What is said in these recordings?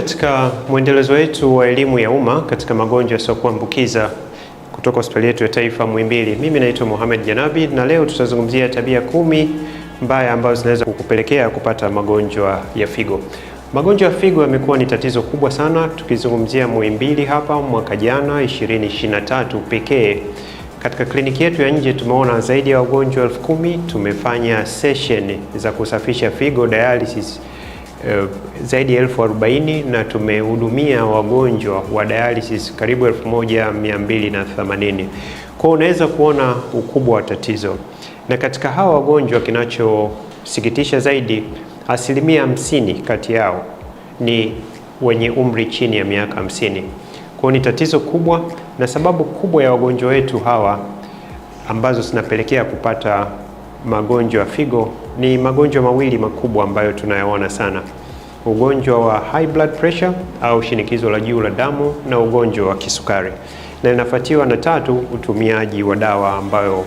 katika mwendelezo wetu wa elimu ya umma katika magonjwa yasiyokuambukiza kutoka hospitali yetu ya taifa Muhimbili. Mimi naitwa Mohamed Janabi na leo tutazungumzia tabia kumi mbaya ambazo zinaweza kukupelekea kupata magonjwa ya figo. Magonjwa ya figo yamekuwa ni tatizo kubwa sana, tukizungumzia Muhimbili hapa mwaka jana 2023 pekee katika kliniki yetu ya nje tumeona zaidi ya wagonjwa elfu kumi. Tumefanya session za kusafisha figo dialysis Eh, zaidi ya elfu arobaini na tumehudumia wagonjwa wa dialysis karibu elfu moja mia mbili na themanini. kwao. unaweza kuona ukubwa wa tatizo, na katika hawa wagonjwa kinachosikitisha zaidi, asilimia hamsini kati yao ni wenye umri chini ya miaka hamsini. Kwao ni tatizo kubwa, na sababu kubwa ya wagonjwa wetu hawa ambazo zinapelekea kupata magonjwa ya figo ni magonjwa mawili makubwa ambayo tunayaona sana ugonjwa wa high blood pressure au shinikizo la juu la damu na ugonjwa wa kisukari, na inafuatiwa na tatu, utumiaji wa dawa ambayo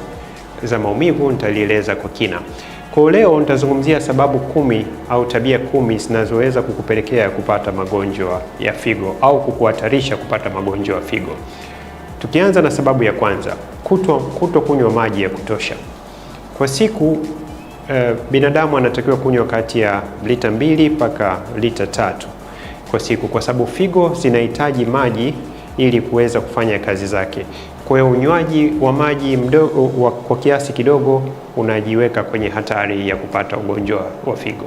za maumivu nitalieleza kwa kina. Kwa leo nitazungumzia sababu kumi au tabia kumi zinazoweza kukupelekea kupata magonjwa ya figo au kukuhatarisha kupata magonjwa ya figo. Tukianza na sababu ya kwanza, kuto kuto kunywa maji ya kutosha. Kwa siku Eh, binadamu anatakiwa kunywa kati ya lita mbili mpaka lita tatu kwa siku, kwa sababu figo zinahitaji maji ili kuweza kufanya kazi zake. Kwa hiyo unywaji wa maji mdogo wa, kwa kiasi kidogo unajiweka kwenye hatari ya kupata ugonjwa wa figo.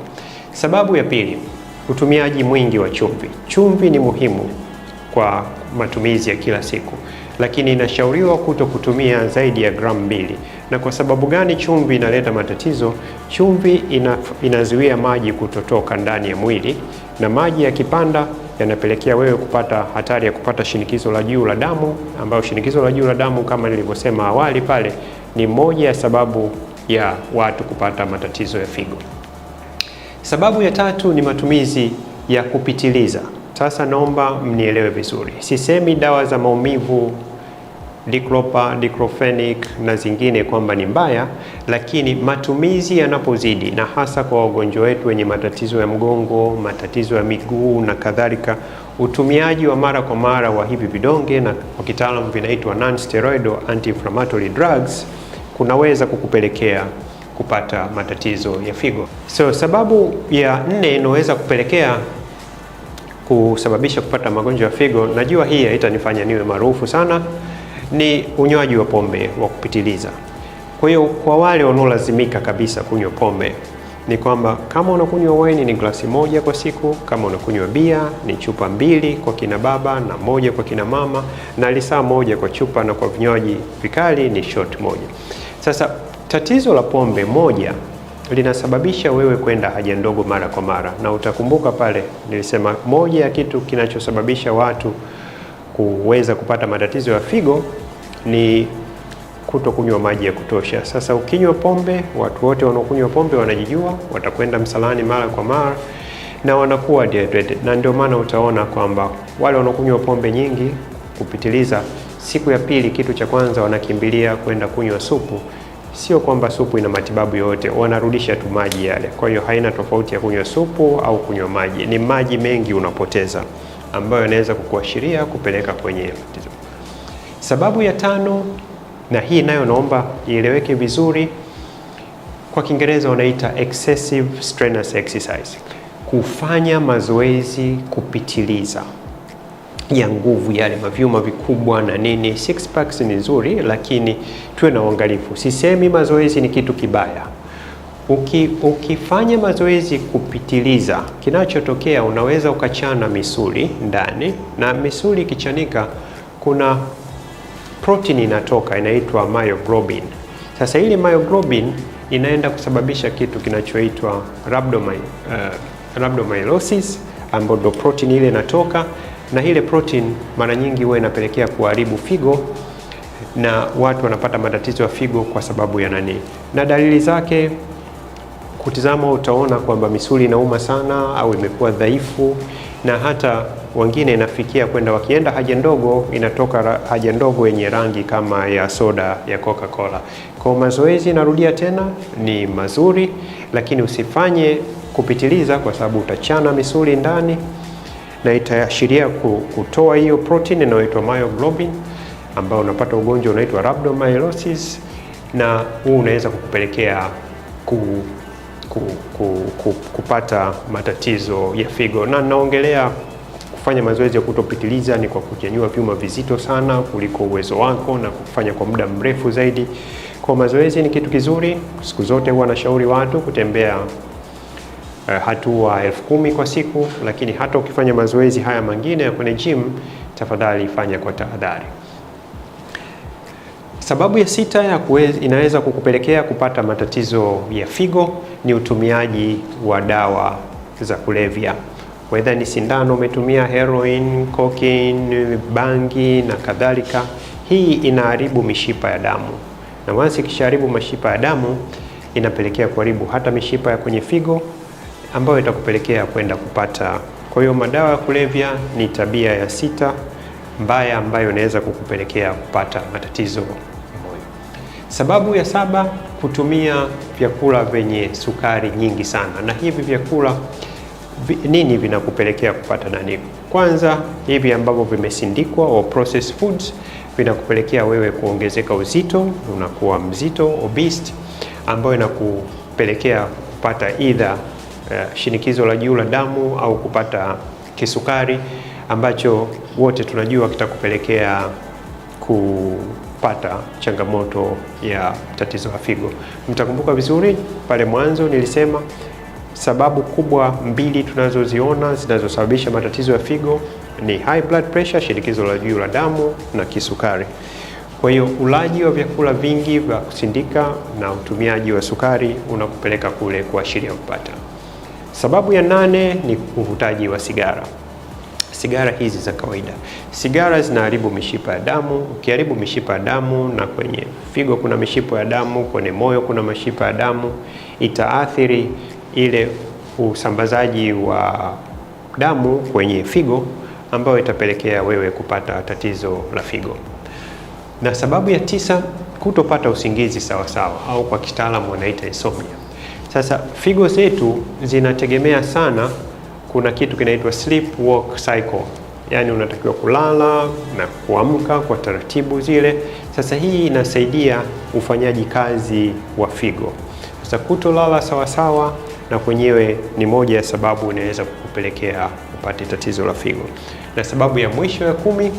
Sababu ya pili, utumiaji mwingi wa chumvi. Chumvi ni muhimu kwa matumizi ya kila siku lakini inashauriwa kuto kutumia zaidi ya gramu mbili. Na kwa sababu gani chumvi inaleta matatizo? Chumvi ina, inazuia maji kutotoka ndani ya mwili, na maji yakipanda yanapelekea wewe kupata hatari ya kupata shinikizo la juu la damu, ambayo shinikizo la juu la damu kama nilivyosema awali pale ni moja ya sababu ya watu kupata matatizo ya figo. Sababu ya tatu ni matumizi ya kupitiliza. Sasa naomba mnielewe vizuri, sisemi dawa za maumivu diclopa, diclofenic na zingine kwamba ni mbaya, lakini matumizi yanapozidi, na hasa kwa wagonjwa wetu wenye matatizo ya mgongo, matatizo ya miguu na kadhalika, utumiaji wa mara kwa mara wa hivi vidonge, na kwa kitaalamu vinaitwa non-steroidal anti-inflammatory drugs, kunaweza kukupelekea kupata matatizo ya figo. So sababu ya nne inaweza kupelekea kusababisha kupata magonjwa ya figo, najua hii haitanifanya niwe maarufu sana ni unywaji wa pombe wa kupitiliza. Kwa hiyo kwa wale wanaolazimika kabisa kunywa pombe ni kwamba kama unakunywa waini ni glasi moja kwa siku, kama unakunywa bia ni chupa mbili kwa kina baba na moja kwa kina mama, na lisaa moja kwa chupa, na kwa vinywaji vikali ni shot moja. Sasa tatizo la pombe moja linasababisha wewe kwenda haja ndogo mara kwa mara, na utakumbuka pale nilisema moja ya kitu kinachosababisha watu kuweza kupata matatizo ya figo ni kuto kunywa maji ya kutosha. Sasa ukinywa pombe, watu wote wanaokunywa pombe wanajijua, watakwenda msalani mara kwa mara na wanakuwa dehydrated, na ndio maana utaona kwamba wale wanaokunywa pombe nyingi kupitiliza, siku ya pili, kitu cha kwanza wanakimbilia kwenda kunywa supu. Sio kwamba supu ina matibabu yoyote, wanarudisha tu maji yale. Kwa hiyo haina tofauti ya kunywa supu au kunywa maji, ni maji mengi unapoteza, ambayo yanaweza kukuashiria kupeleka kwenye matizo. Sababu ya tano, na hii nayo naomba ieleweke vizuri, kwa Kiingereza wanaita excessive strenuous exercise, kufanya mazoezi kupitiliza ya nguvu, yale mavyuma vikubwa na nini. Six packs ni nzuri, lakini tuwe na uangalifu. Sisemi mazoezi ni kitu kibaya. Uki, ukifanya mazoezi kupitiliza, kinachotokea unaweza ukachana misuli ndani, na misuli ikichanika, kuna protein inatoka inaitwa myoglobin. Sasa ile myoglobin inaenda kusababisha kitu kinachoitwa rhabdomy, uh, rhabdomyolysis ambayo ndo protein ile inatoka, na ile protein mara nyingi huwa inapelekea kuharibu figo na watu wanapata matatizo ya figo kwa sababu ya nani, na dalili zake kutizama, utaona kwamba misuli inauma sana au imekuwa dhaifu na hata wengine inafikia kwenda wakienda haja ndogo, inatoka haja ndogo yenye rangi kama ya soda ya Coca-Cola. Kwa mazoezi, narudia tena, ni mazuri, lakini usifanye kupitiliza, kwa sababu utachana misuli ndani na itaashiria kutoa hiyo protein inayoitwa myoglobin ambao unapata ugonjwa unaitwa rhabdomyolysis, na huu unaweza kukupelekea ku, ku, ku, ku, kupata matatizo ya figo na naongelea Kufanya mazoezi ya kutopitiliza ni kwa kunyanyua vyuma vizito sana kuliko uwezo wako na kufanya kwa muda mrefu zaidi. Kwa mazoezi ni kitu kizuri. Siku zote huwa nashauri watu kutembea uh, hatua elfu kumi kwa siku, lakini hata ukifanya mazoezi haya mengine ya kwenye gym, tafadhali fanya kwa tahadhari. Sababu ya sita ya kuweza, inaweza kukupelekea kupata matatizo ya figo ni utumiaji wa dawa za kulevya whether ni sindano umetumia, heroin, cocaine, bangi na kadhalika. Hii inaharibu mishipa ya damu, na wansi ikishaharibu mishipa ya damu inapelekea kuharibu hata mishipa ya kwenye figo ambayo itakupelekea kwenda kupata. Kwa hiyo madawa ya kulevya ni tabia ya sita mbaya ambayo inaweza kukupelekea kupata matatizo moyo. Sababu ya saba, kutumia vyakula vyenye sukari nyingi sana, na hivi vyakula nini vinakupelekea kupata nani? Kwanza, hivi ambavyo vimesindikwa au processed foods vinakupelekea wewe kuongezeka uzito, unakuwa mzito obese, ambayo inakupelekea kupata idha uh, eh, shinikizo la juu la damu au kupata kisukari ambacho wote tunajua kitakupelekea kupata changamoto ya tatizo la figo. Mtakumbuka vizuri pale mwanzo nilisema Sababu kubwa mbili tunazoziona zinazosababisha matatizo ya figo ni high blood pressure, shinikizo la juu la damu na kisukari. Kwa hiyo ulaji wa vyakula vingi vya kusindika na utumiaji wa sukari unakupeleka kule kuashiria kupata. Sababu ya nane ni uvutaji wa sigara. Sigara hizi za kawaida, sigara zinaharibu mishipa ya damu. Ukiharibu mishipa ya damu, na kwenye figo kuna mishipa ya damu, kwenye moyo kuna mishipa ya damu, itaathiri ile usambazaji wa damu kwenye figo ambayo itapelekea wewe kupata tatizo la figo. Na sababu ya tisa, kutopata usingizi sawa sawa au kwa kitaalamu wanaita insomnia. Sasa figo zetu zinategemea sana, kuna kitu kinaitwa sleep walk cycle, yaani unatakiwa kulala na kuamka kwa taratibu zile. Sasa hii inasaidia ufanyaji kazi wa figo. Sasa kutolala sawasawa na kwenyewe ni moja ya sababu inaweza kukupelekea upate tatizo la figo. Na sababu ya mwisho ya kumi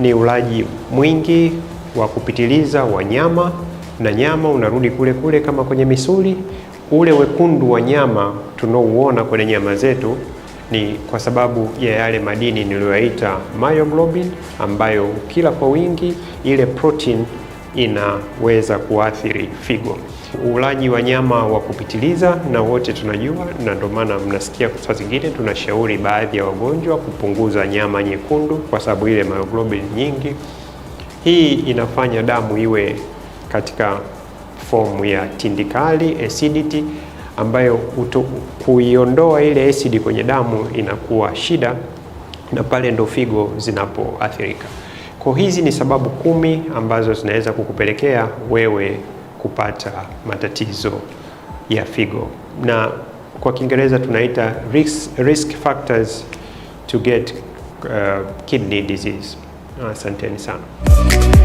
ni ulaji mwingi wa kupitiliza wa nyama, na nyama unarudi kule kule kama kwenye misuli. Ule wekundu wa nyama tunaouona kwenye nyama zetu ni kwa sababu ya yale madini niliyoyaita myoglobin, ambayo kila kwa wingi ile protein inaweza kuathiri figo ulaji wa nyama wa kupitiliza, na wote tunajua, na ndio maana mnasikia saa zingine tunashauri baadhi ya wagonjwa kupunguza nyama nyekundu, kwa sababu ile myoglobin nyingi, hii inafanya damu iwe katika fomu ya tindikali acidity, ambayo kuiondoa ile asidi kwenye damu inakuwa shida, na pale ndo figo zinapoathirika. Kwa hizi ni sababu kumi ambazo zinaweza kukupelekea wewe kupata matatizo ya figo, na kwa Kiingereza tunaita risk, risk factors to get uh, kidney disease. Asanteni sana.